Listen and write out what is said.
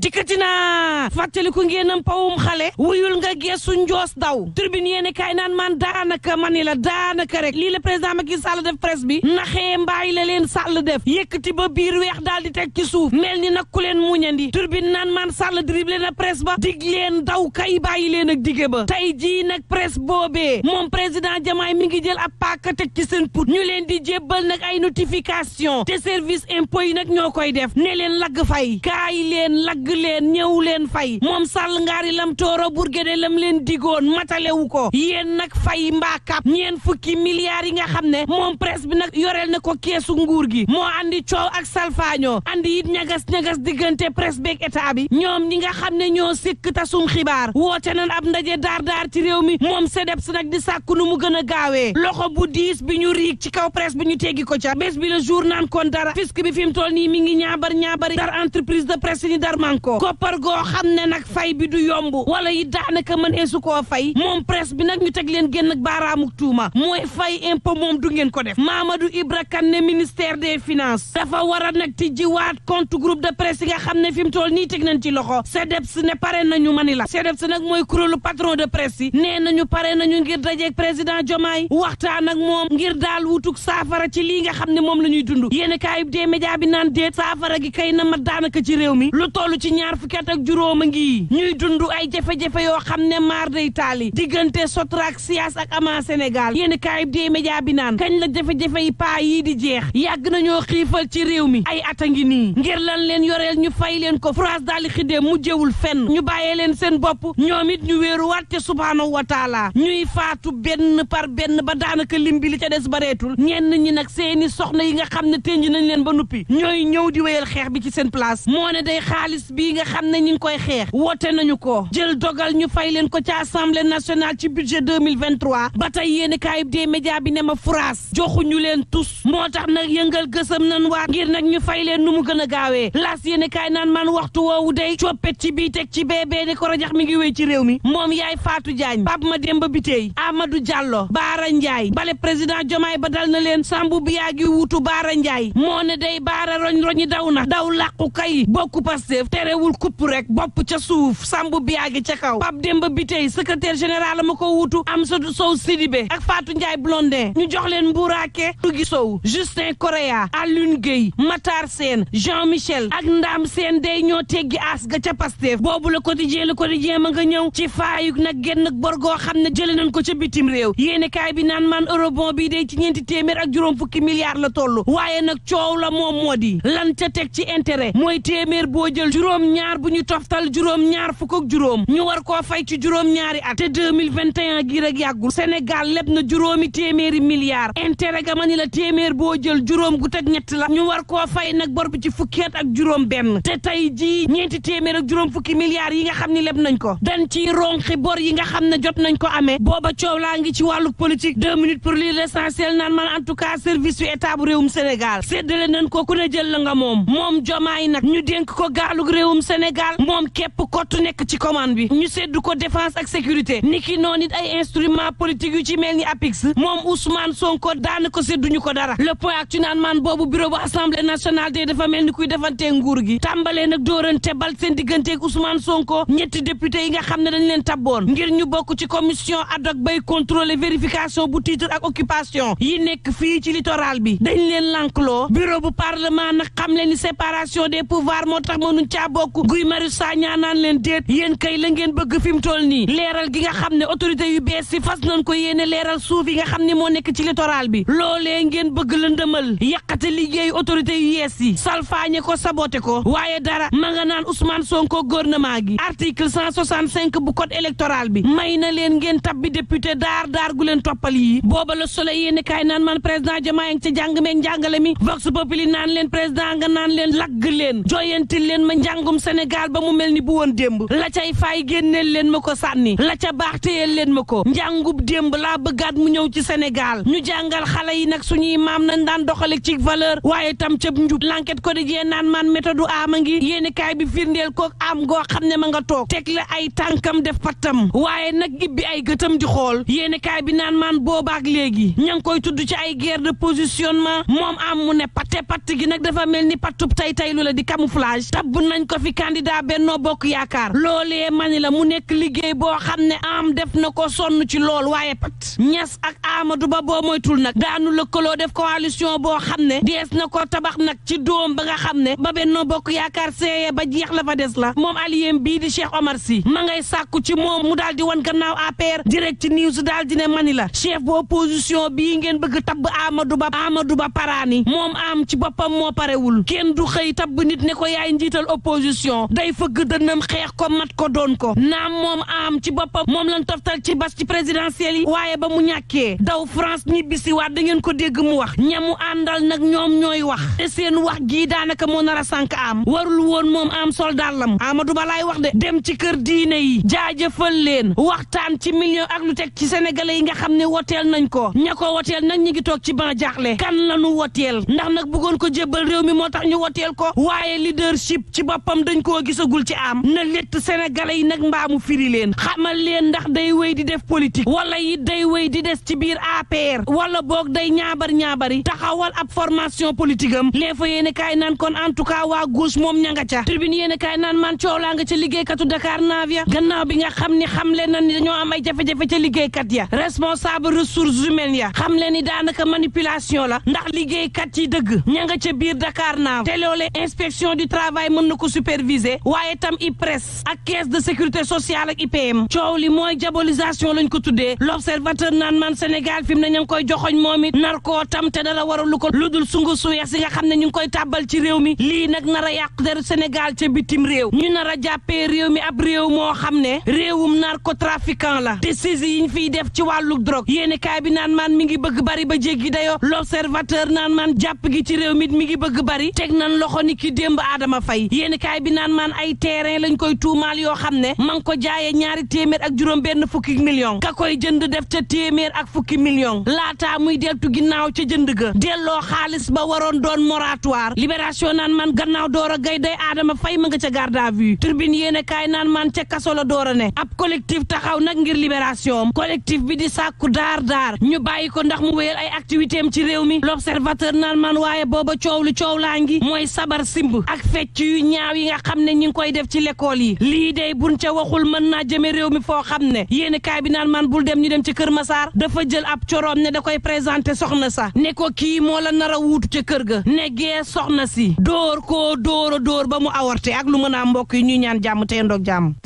dikkati naa fàttaliku ngeenam pawum xale wuyul nga geesu njoos daw turbine yéene kaay naan man daanaka mani la daanaka rek lii la président Macky Sall def presse bi naxee mbaay la leen Sall def yëkkati ba biir weex daal di teg ci suuf mel ni nag ku leen muñandi turbine naan man Sall dribble na presse ba dig leen daw kay bàyyi leen ak dige ba tey jii nag presse boobee moom président Diomaye mi ngi jël ab paaka teg ci seen put ñu leen di jébbal nag ay notification te service impôt yi nag ñoo koy def ne leen lagg fay kaay tàgg leen ñëw leen fay moom sàll ngaari lam tooro burgede lam leen digoon matalewu ko yéen nag fay mbaakap ñeen fukki milliards yi nga xam ne moom presse bi nag yoreel na ko keesu nguur gi moo andi coow ak salfaañoo andi it ñagas-ñagas diggante presse beeg état bi ñoom ni nga xam ne ñoo sikk tasum xibaar woote nan ab ndaje daar daar ci réew mi moom CDEPS nag di sàkku nu mu gën a gaawee loxo bu diis bi ñu riig ci kaw presse bi ñu teggi ko ca bés bi ngi ñaabar ñaabari dar entreprise de dar Sonko koppar goo xam ne nag fay bi du yomb wala yi daanaka mënee su koo fay moom presse bi nag ñu teg leen génn baaraamuk tuuma mooy fay impôt moom du ngeen ko def du Ibra Kane ministère des finances dafa war a nag tijjiwaat compte groupe de presse yi nga xam ne fi mu toll nii teg nañ ci loxo CDEPS ne pare nañu mani la CDEPS nag mooy kuréelu patron de presse yi nee nañu pare nañu ngir dajeeg président Diomaye waxtaan ak moom ngir daal wutuk saafara ci lii nga xam ne moom la ñuy dund yéen kaayub bi naan mi ci ñaar fukki at ak juróom a ngi ñuy dundu ay jafe-jafe yoo xam ne maar day taali diggante Sotrac Sias ak Ama Sénégal yéen kaayib dee média bi naan kañ la jafe-jafe yi paa yii di jeex yàgg nañoo xiifal ci réew mi ay at a ngi nii ngir lan leen yoreel ñu fay leen ko France daal di xidee mujjewul fenn ñu bàyyee leen seen bopp ñoom it ñu weeru waat te subhaanahu wa taala ñuy faatu benn par benn ba daanaka lim bi li ca des bareetul ñenn ñi nag seeni soxna yi nga xam ne tenj nañ leen ba nuppi ñooy ñëw di wéyal xeex bi ci seen place moo day xaalis bii nga xam ne ñu ngi koy xeex woote nañu ko jël dogal ñu fay leen ko ci assemblée nationale ci budget 2023 ba tey yéeni kaayib dee média bi ne ma France joxuñu leen tus moo tax na yëngal gësam nan waa ngir nag ñu fay leen nu mu gën a gaawee las yéeni kaay naan man waxtu woowu day coppet ci bii teg ci beebee ni ko rajax mi ngi wéy ci réew mi moom yaay Fatou Diagne Pape Mademba Bitèye Amadou Diallo Baara Ndiaye bale président Diomaye ba dal na leen Sambou Biagi wuutu Baara Ndiaye moo ne day Baara roñ roñi daw na daw làqu kay bokku terewul kupp rek bopp ca suuf sambu biyaagi ca kaw Pape Demba Bitèye secrétaire général ma ko wutu am Amsatou Sow Sidibé ak faatu Ndiaye Blondin ñu jox leen Mbouraake Dugi Sow Justin Correa Alioune Gueye Matar Sène Jean Michel ak Ndam Sène day ñoo teggi aas ga ca Pastef boobu Le Quotidien Le Quotidien ma nga ñëw ci faayuk nag genn bor goo xam ne jële nañ ko ca bitim réew yéenekaay bi naan man eurobond bi day ci ñeenti téeméer ak juróom fukki milliar la toll waaye nag coow la moom moo di lan ca teg ci intérêt mooy téeméer boo jël juróom juróom-ñaar bu ñu toftal juróom-ñaar fukk ak juróom ñu war koo fay ci juróom-ñaari at te 2021 gii rek yàggul Sénégal leb na juróomi téeméeri milliards intérêt ga ma ni la téeméer boo jël juróom gu teg ñett la ñu war koo fay nag bor bi ci fukki at ak juróom benn te tey jii ñeenti téeméer ak juróom fukki milliards yi nga xam ni leb nañ ko dan ciy ronxi bor yi nga xam ne jot nañ ko amee booba coow laa ngi ci wàllu politique deux minutes pour lire l'essentiel naan man en tout cas service yu état bu réewum Sénégal nañ ko ku jël la nga moom moom jomaay nag ñu dénk ko gaalug réewum Sénégal moom képp kott nekk ci commande bi ñu seddu ko défense ak sécurité niki noonu it ay instrument politique yu ci mel ni APIX moom Ousmane Sonko daana ko ñu ko dara le point ak ci naan maan boobu bureau bu assemblée nationale tey dafa mel ni kuy defantee nguur gi tàmbalee nag dóorante bal seen digganteeg Ousmane Sonko ñetti député yi nga xam ne dañ leen tabboon ngir ñu bokk ci commission ad hoc bay contrôler vérification bu titre ak occupation yi nekk fii ci littoral bi dañ leen lànkloo bureau bu parlement nag xam leen ni séparation bokk Guy Marius Sagna naan leen déet yéen kay la bëgg fi mu leeral gi nga xam ne autorité yu bees yi ko yéene leeral suuf yi nga xam ne moo nekk ci littoral bi loolee ngeen bëgg lëndëmal yàqate liggéeyu autorité yu yees yi salfaañe ko sabote ko waaye dara ma nga naan Ousmane Sonko gi article bu code électoral bi may na leen ngeen tabbi député daar daar gu leen toppal yi booba a solo yéene kaay naan man président Diomaye ca jàng meeg njàngum senegal ba mu mel ni bu woon démb la cay fay génneel leen ma ko sànni la ca baax téyeel leen ma ko njàngub démb laa bëggaat mu ñëw ci Sénégal ñu jàngal xale yi nag suñuy maam nañ daan doxale ci valeur waaye tam cab njub lanket ko di jee naan maan méthode ama ngi yéeni kaay bi firndeel kook am goo xam ne ma nga toog teg la ay tànkam def pattam waaye nag ibbi ay gëtam di xool yéeni kaay bi naan maan boobaak léegi ña ngi koy tudd ci ay guerre de positionnement moom am mu ne patte gi nag dafa mel ni pattub tay tay lu la nañ ko fi candidat Benno Bokk Yaakaar loolee mani la mu nekk liggéey boo xam ne am def na ko sonn ci lool waaye pat Niass ak Amadou Ba boo moytul nag daanu lëkkaloo def coalition boo xam ne dees na ko tabax nag ci doom ba nga xam ne ba Benno Bokk Yaakaar seeyee ba jeex la fa des la moom aliyem bii di Cheikh Omar Sy ma ngay sàkku ci moom mu daal di wan gannaaw APR direct news daal di ne mani la chef bu opposition bi ngeen bëgg tabb Amadou Ba Amadou Ba paraani moom moo parewul kenn opposition day fëgg dënnam xeex ko mat ko doon ko naam moom am ci boppam moom lan toftal ci bas ci présidentielle yi waaye ba mu ñàkkee daw France ñibbisi waat da ngeen ko dégg mu wax ñamu àndal nag ñoom ñooy wax te seen wax gii daanaka moo nar a sànk am warul woon moom am soldat lam Amadou Ba laay wax de dem ci kër diine yi jaajëfal leen waxtaan ci million ak lu teg ci sénégalais yi nga xam ne woteel nañ ko ña ko woteel nag ñi ngi toog ci ban jaaxle kan lañu woteel ndax nag bëggoon ko jébbal mi moo tax ñu ko boppam dañ koo gisagul ci am na létt sénégalais yi nag mbaamu firi leen xamal leen ndax day wéy di def politique wala it day wéy di des ci biir APR wala boog day ñaabar ñaabari taxawal ab formation politique am lee fa yéen kaay naan kon en tout cas waa gauche moom ña nga ca tribune yéen kaay naan man coow laa nga ca liggéeykatu Dakar naavia gannaaw bi nga xam ni xam leen na ni dañoo ay jafe-jafe ca liggéeykat ya responsable ressources humaines ya xam leen ni daanaka manipulation la ndax kat yi dëgg ña nga ca biir dakaar naaw te loolee inspection mën na ko supervisé waaye tam IPRES ak caisse de sécurité sociale ak IPM coow li mooy jabolisation lañ ko tuddee l'observateur naan man Sénégal fi mu ne ña ngi koy joxoñ moom it nar koo tam te dara waralu ko lu dul sungu suweex si nga xam ne ñu ngi koy tàbbal ci réew mi lii nag nar a yàq deru Sénégal ca bitim réew ñu nar a jàppee réew mi ab réew moo xam ne réewum narcotrafiquant la te yi ñu fiy def ci wàllu drogue yéene kaay bi naan man mi ngi bëgg bari ba jéggi dayoo l'observateur naan man jàpp gi ci réew mi mi ngi bëgg bari teg nan loxo ni ki démb Adama Faye kaay bi naan maan ay terrain lañ koy tuumaal yoo xam ne ma ngi ko jaayee ñaari téeméer ak juróom benn fukki million ka koy jënd def ca téeméer ak fukki million laata muy deltu ginnaaw ca jënd ga delloo xaalis ba waroon doon moratoire libération naan man gannaaw door a gay day aadama fay ma nga ca garde à vue turbine yéene kaay naan man ca kaso la door a ne ab collectif taxaw nag ngir libération collectif bi di sàkku daar daar ñu bàyyi ko ndax mu wéyal ay activité am ci réew mi l'observateur naan man waaye booba coow lu coow laa ngi mooy sabar simb ak ñaaw yi nga xam ne ñi ngi koy def ci l'école yi lii day buñ ca waxul mën naa jëme réew mi foo xam ne yéen kaay bi naan man bul dem ñu dem ci kër Masaar dafa jël ab coroom ne da koy présenté soxna sa ne ko kii moo la nar a wuutu ca kër ga ne gee soxna si dóor ko dóor a dóor ba mu avorté ak lu mën a mbokk yi ñuy ñaan jàmm te ndoog jàmm